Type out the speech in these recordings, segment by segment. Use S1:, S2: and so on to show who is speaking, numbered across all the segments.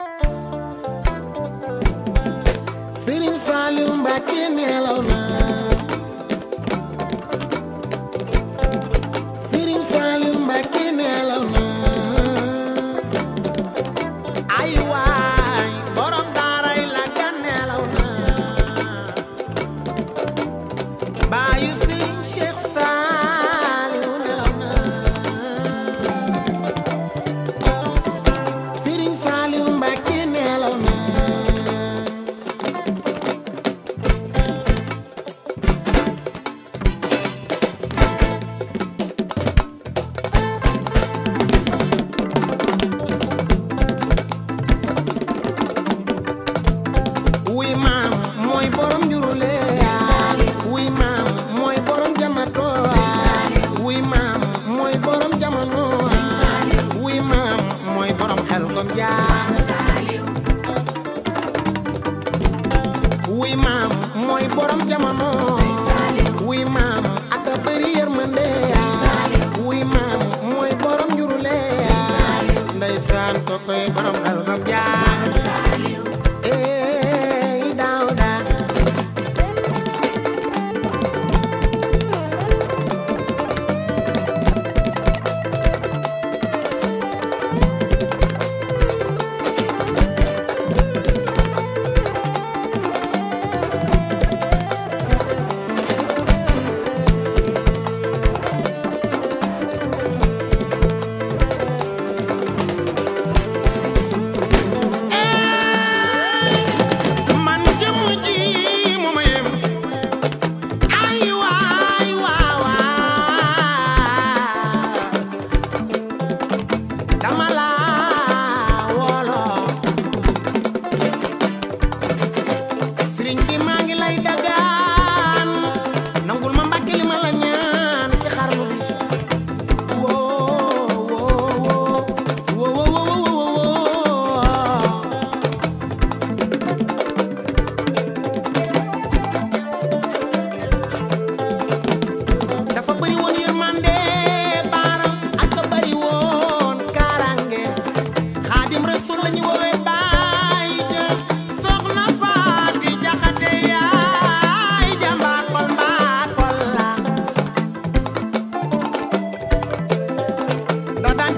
S1: Thank you. I'm dal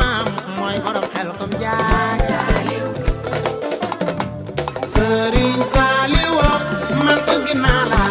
S1: maam mooy borom xel kom jaay sëriñ Saaliw man bëgg naa la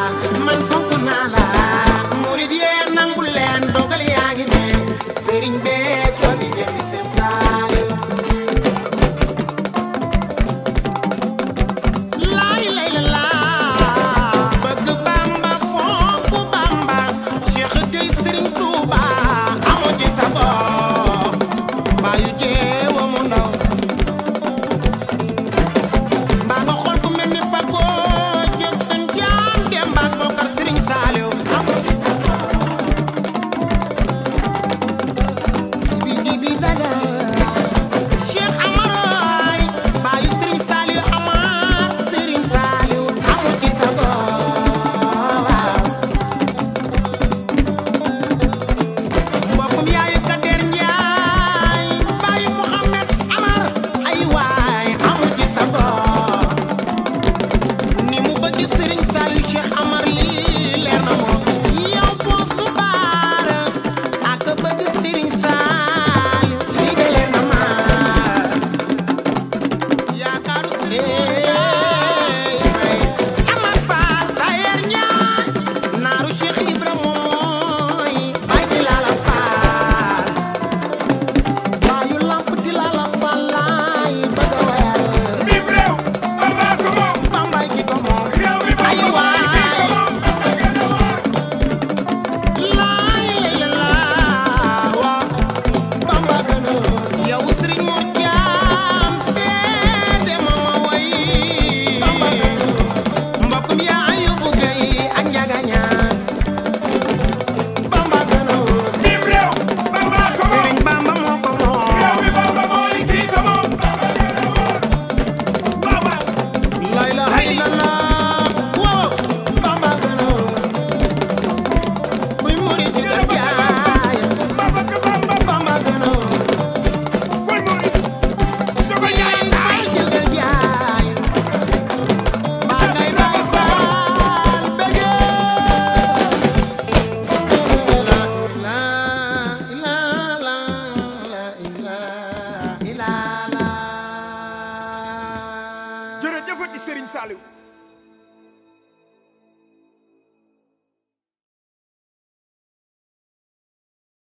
S1: Serigne Saliou